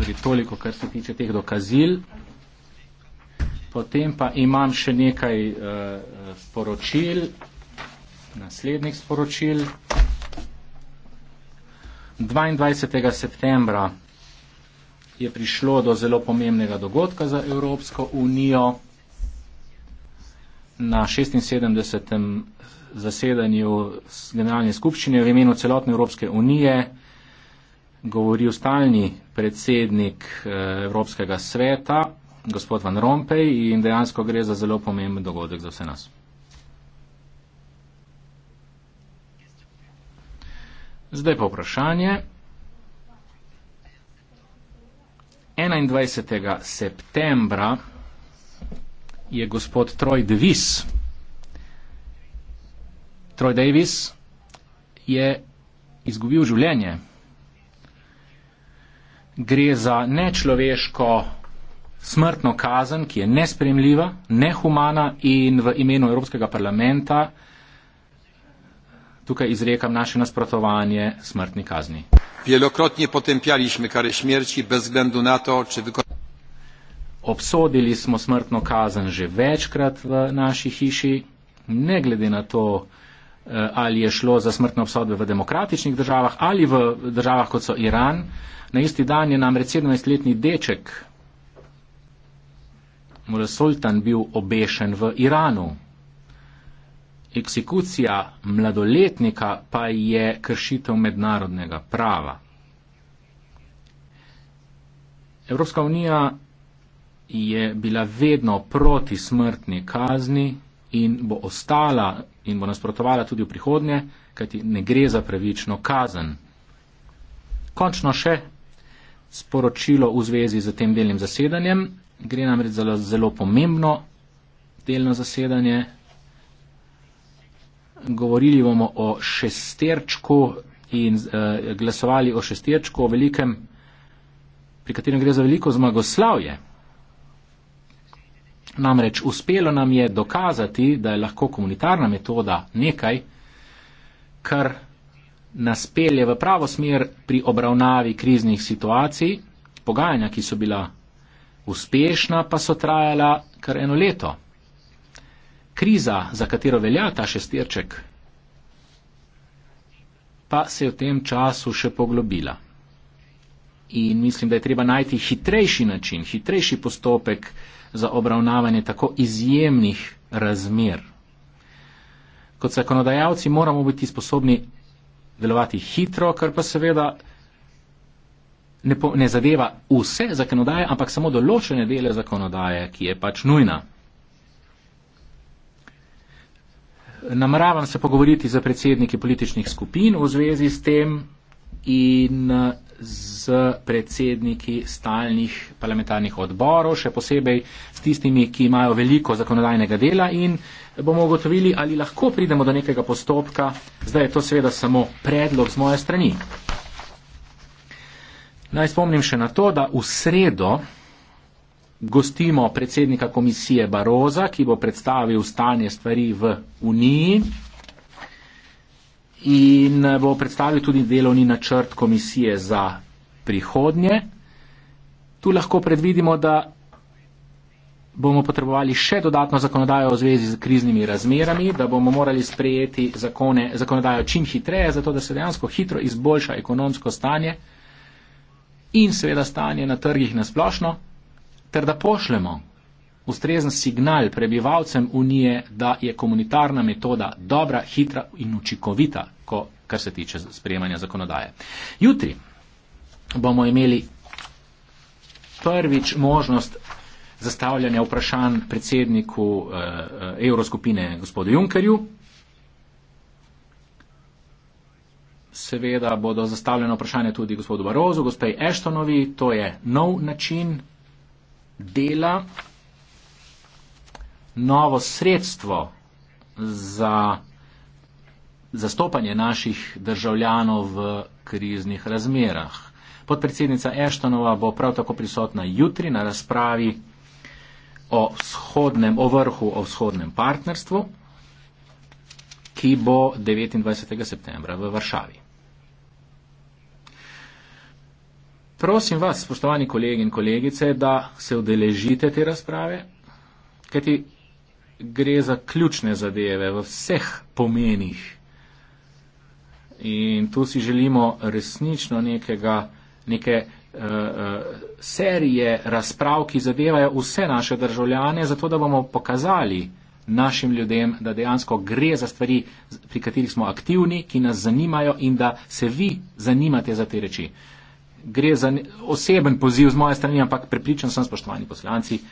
Torej, toliko, kar se tiče teh dokazil. Potem pa imam še nekaj uh, sporočil, naslednjih sporočil. 22. septembra je prišlo do zelo pomembnega dogodka za Evropsko unijo. Na 76. zasedanju generalne skupščine v imenu celotne Evropske unije govoril stalni predsednik eh, Evropskega sveta, gospod Van Rompej, in dejansko gre za zelo pomemben dogodek za vse nas. Zdaj pa vprašanje. 21. septembra je gospod Troj Davis, Troj Davis je izgubil življenje gre za nečloveško smrtno kazen, ki je nespremljiva, nehumana in v imenu Evropskega parlamenta tukaj izrekam naše nasprotovanje smrtni kazni. Obsodili smo smrtno kazen že večkrat v naši hiši, ne glede na to, Eh, ali je šlo za smrtne obsodbe v demokratičnih državah ali v državah kot so Iran. Na isti dan je namreč 17-letni deček Mulasultan bil obešen v Iranu. Eksekucija mladoletnika pa je kršitev mednarodnega prava. Evropska unija je bila vedno proti smrtni kazni in bo ostala in bo nasprotovala tudi v prihodnje, kajti ne gre za pravično kazen. Končno še sporočilo v zvezi z tem delnim zasedanjem. Gre namreč za zelo pomembno delno zasedanje. Govorili bomo o šesterčku in eh, glasovali o šesterčku, o velikem, pri katerem gre za veliko zmagoslavje. Namreč uspelo nam je dokazati, da je lahko komunitarna metoda nekaj, kar nas pelje v pravo smer pri obravnavi kriznih situacij. Pogajanja, ki so bila uspešna, pa so trajala kar eno leto. Kriza, za katero velja ta šestirček, pa se je v tem času še poglobila in mislim, da je treba najti hitrejši način, hitrejši postopek za obravnavanje tako izjemnih razmer. Kot zakonodajalci moramo biti sposobni delovati hitro, kar pa seveda ne, po, ne zadeva vse zakonodaje, ampak samo določene dele zakonodaje, ki je pač nujna. Nameravam se pogovoriti z predsedniki političnih skupin v zvezi s tem, in eh, z predsedniki stalnih parlamentarnih odborov, še posebej s tistimi, ki imajo veliko zakonodajnega dela in bomo ugotovili, ali lahko pridemo do nekega postopka. Zdaj je to seveda samo predlog z moje strani. Naj spomnim še na to, da v sredo gostimo predsednika komisije Baroza, ki bo predstavil stanje stvari v Uniji in eh, bo predstavil tudi delovni načrt komisije za prihodnje. Tu lahko predvidimo, da bomo potrebovali še dodatno zakonodajo v zvezi z kriznimi razmerami, da bomo morali sprejeti zakone, zakonodajo čim hitreje, zato da se dejansko hitro izboljša ekonomsko stanje in seveda stanje na trgih nasplošno, ter da pošljemo ustrezen signal prebivalcem Unije, da je komunitarna metoda dobra, hitra in učinkovita, kar se tiče sprejemanja zakonodaje. Jutri bomo imeli prvič možnost zastavljanja vprašanj predsedniku eh, Evroskupine gospodu Junkerju. Seveda bodo zastavljene vprašanja tudi gospodu Barozu, gospej Eštonovi. To je nov način dela novo sredstvo za zastopanje naših državljanov v kriznih razmerah. Podpredsednica Eštonova bo prav tako prisotna jutri na razpravi o, vzhodnem, o vrhu o vzhodnem partnerstvu, ki bo 29. septembra v Varšavi. Prosim vas, spoštovani kolegi in kolegice, da se udeležite te razprave, kajti gre za ključne zadeve v vseh pomenih. In tu si želimo resnično nekega, neke uh, serije razprav, ki zadevajo vse naše državljane, zato da bomo pokazali našim ljudem, da dejansko gre za stvari, pri katerih smo aktivni, ki nas zanimajo in da se vi zanimate za te reči. Gre za oseben poziv z moje strani, ampak prepričan sem, spoštovani poslanci,